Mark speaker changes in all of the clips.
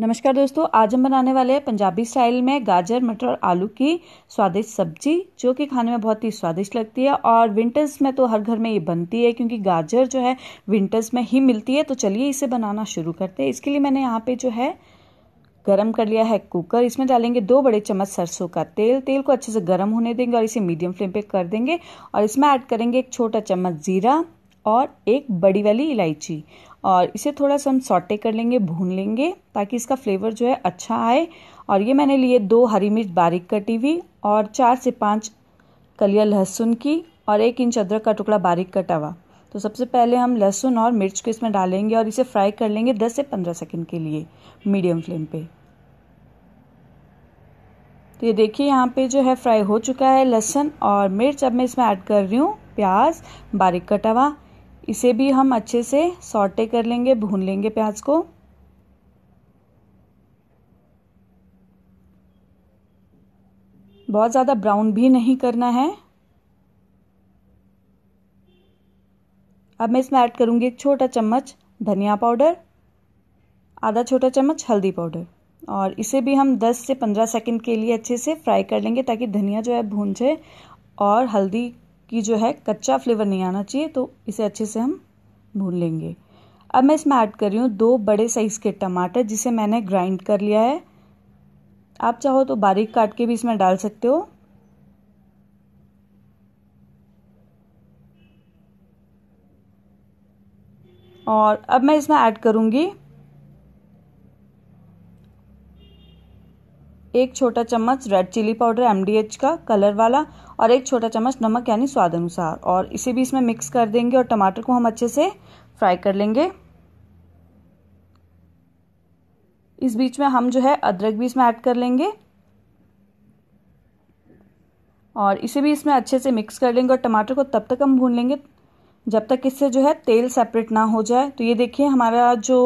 Speaker 1: नमस्कार दोस्तों आज हम बनाने वाले हैं पंजाबी स्टाइल में गाजर मटर और आलू की स्वादिष्ट सब्जी जो कि खाने में बहुत ही स्वादिष्ट लगती है और विंटर्स में तो हर घर में ये बनती है क्योंकि गाजर जो है विंटर्स में ही मिलती है तो चलिए इसे बनाना शुरू करते हैं इसके लिए मैंने यहाँ पे जो है गरम कर लिया है कुकर इसमें डालेंगे दो बड़े चम्मच सरसों का तेल तेल को अच्छे से गर्म होने देंगे और इसे मीडियम फ्लेम पे कर देंगे और इसमें ऐड करेंगे एक छोटा चम्मच जीरा और एक बड़ी वाली इलायची और इसे थोड़ा सा हम सॉटे कर लेंगे भून लेंगे ताकि इसका फ्लेवर जो है अच्छा आए और ये मैंने लिए दो हरी मिर्च बारीक कटी हुई और चार से पाँच कलिया लहसुन की और एक इंच अदरक का टुकड़ा बारीक कटा हुआ तो सबसे पहले हम लहसुन और मिर्च को इसमें डालेंगे और इसे फ्राई कर लेंगे 10 से 15 सेकंड के लिए मीडियम फ्लेम पे तो ये देखिए यहाँ पे जो है फ्राई हो चुका है लहसुन और मिर्च अब मैं इसमें ऐड कर रही हूँ प्याज बारीक कटा हुआ इसे भी हम अच्छे से सॉटे कर लेंगे भून लेंगे प्याज को बहुत ज़्यादा ब्राउन भी नहीं करना है अब मैं इसमें ऐड करूँगी एक छोटा चम्मच धनिया पाउडर आधा छोटा चम्मच हल्दी पाउडर और इसे भी हम 10 से 15 सेकंड के लिए अच्छे से फ्राई कर लेंगे ताकि धनिया जो है भून जाए और हल्दी कि जो है कच्चा फ्लेवर नहीं आना चाहिए तो इसे अच्छे से हम भून लेंगे अब मैं इसमें ऐड कर रही हूँ दो बड़े साइज़ के टमाटर जिसे मैंने ग्राइंड कर लिया है आप चाहो तो बारीक काट के भी इसमें डाल सकते हो और अब मैं इसमें ऐड करूँगी एक छोटा चम्मच रेड चिली पाउडर एम का कलर वाला और एक छोटा चम्मच नमक यानी स्वाद अनुसार और इसे भी इसमें मिक्स कर देंगे और टमाटर को हम अच्छे से फ्राई कर लेंगे इस बीच में हम जो है अदरक भी इसमें ऐड कर लेंगे और इसे भी इसमें अच्छे से मिक्स कर लेंगे और टमाटर को तब तक हम भून लेंगे जब तक इससे जो है तेल सेपरेट ना हो जाए तो ये देखिए हमारा जो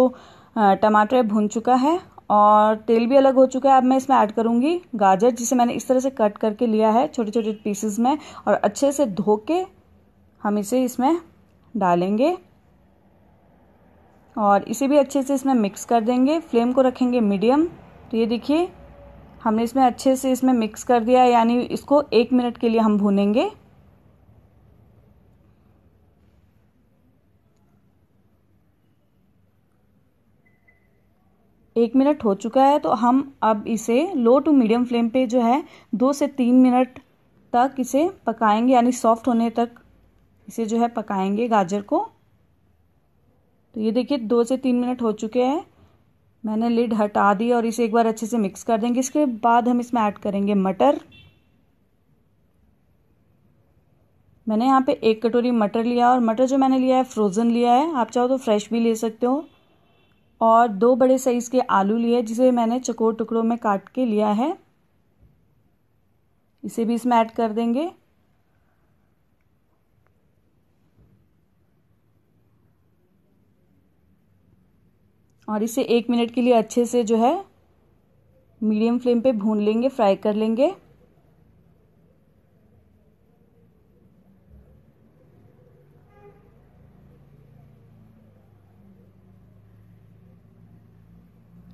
Speaker 1: टमाटर है भून चुका है और तेल भी अलग हो चुका है अब मैं इसमें ऐड करूँगी गाजर जिसे मैंने इस तरह से कट करके लिया है छोटे छोटे पीसेस में और अच्छे से धो के हम इसे इसमें डालेंगे और इसे भी अच्छे से इसमें मिक्स कर देंगे फ्लेम को रखेंगे मीडियम तो ये देखिए हमने इसमें अच्छे से इसमें मिक्स कर दिया यानी इसको एक मिनट के लिए हम भूनेंगे एक मिनट हो चुका है तो हम अब इसे लो टू मीडियम फ्लेम पे जो है दो से तीन मिनट तक इसे पकाएंगे यानी सॉफ्ट होने तक इसे जो है पकाएंगे गाजर को तो ये देखिए दो से तीन मिनट हो चुके हैं मैंने लिड हटा दी और इसे एक बार अच्छे से मिक्स कर देंगे इसके बाद हम इसमें ऐड करेंगे मटर मैंने यहाँ पे एक कटोरी मटर लिया और मटर जो मैंने लिया है फ्रोज़न लिया है आप चाहो तो फ्रेश भी ले सकते हो और दो बड़े साइज़ के आलू लिए जिसे मैंने चकोर टुकड़ों में काट के लिया है इसे भी इसमें ऐड कर देंगे और इसे एक मिनट के लिए अच्छे से जो है मीडियम फ्लेम पे भून लेंगे फ्राई कर लेंगे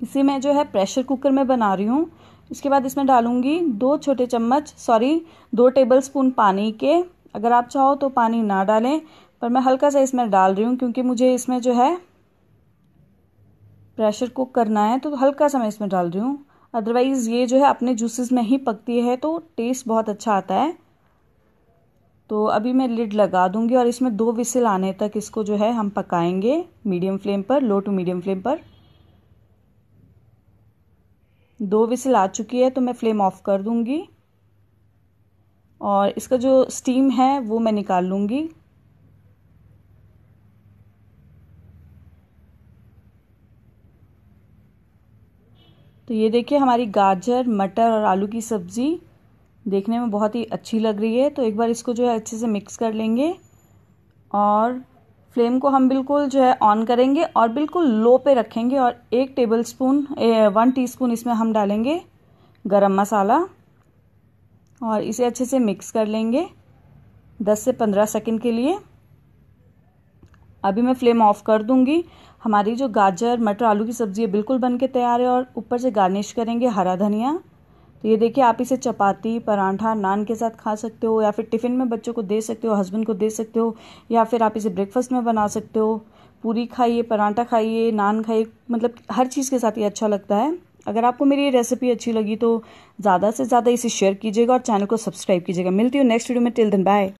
Speaker 1: इसे मैं जो है प्रेशर कुकर में बना रही हूँ इसके बाद इसमें डालूंगी दो छोटे चम्मच सॉरी दो टेबल स्पून पानी के अगर आप चाहो तो पानी ना डालें पर मैं हल्का सा इसमें डाल रही हूँ क्योंकि मुझे इसमें जो है प्रेशर कुक करना है तो हल्का सा मैं इसमें डाल रही हूँ अदरवाइज़ ये जो है अपने जूसेस में ही पकती है तो टेस्ट बहुत अच्छा आता है तो अभी मैं लिड लगा दूंगी और इसमें दो विसिल आने तक इसको जो है हम पकाएंगे मीडियम फ्लेम पर लो टू मीडियम फ्लेम पर दो विसल आ चुकी है तो मैं फ्लेम ऑफ कर दूंगी और इसका जो स्टीम है वो मैं निकाल लूँगी तो ये देखिए हमारी गाजर मटर और आलू की सब्ज़ी देखने में बहुत ही अच्छी लग रही है तो एक बार इसको जो है अच्छे से मिक्स कर लेंगे और फ्लेम को हम बिल्कुल जो है ऑन करेंगे और बिल्कुल लो पे रखेंगे और एक टेबल स्पून वन टी इसमें हम डालेंगे गरम मसाला और इसे अच्छे से मिक्स कर लेंगे 10 से 15 सेकंड के लिए अभी मैं फ्लेम ऑफ कर दूंगी हमारी जो गाजर मटर आलू की सब्ज़ी है बिल्कुल बन के तैयार है और ऊपर से गार्निश करेंगे हरा धनिया तो ये देखिए आप इसे चपाती परांठा नान के साथ खा सकते हो या फिर टिफ़िन में बच्चों को दे सकते हो हस्बैंड को दे सकते हो या फिर आप इसे ब्रेकफास्ट में बना सकते हो पूरी खाइए परांठा खाइए नान खाइए मतलब हर चीज़ के साथ ये अच्छा लगता है अगर आपको मेरी ये रेसिपी अच्छी लगी तो ज़्यादा से ज़्यादा इसे शेयर कीजिएगा और चैनल को सब्सक्राइब कीजिएगा मिलती हूँ नेक्स्ट वीडियो में टिल दिन बाय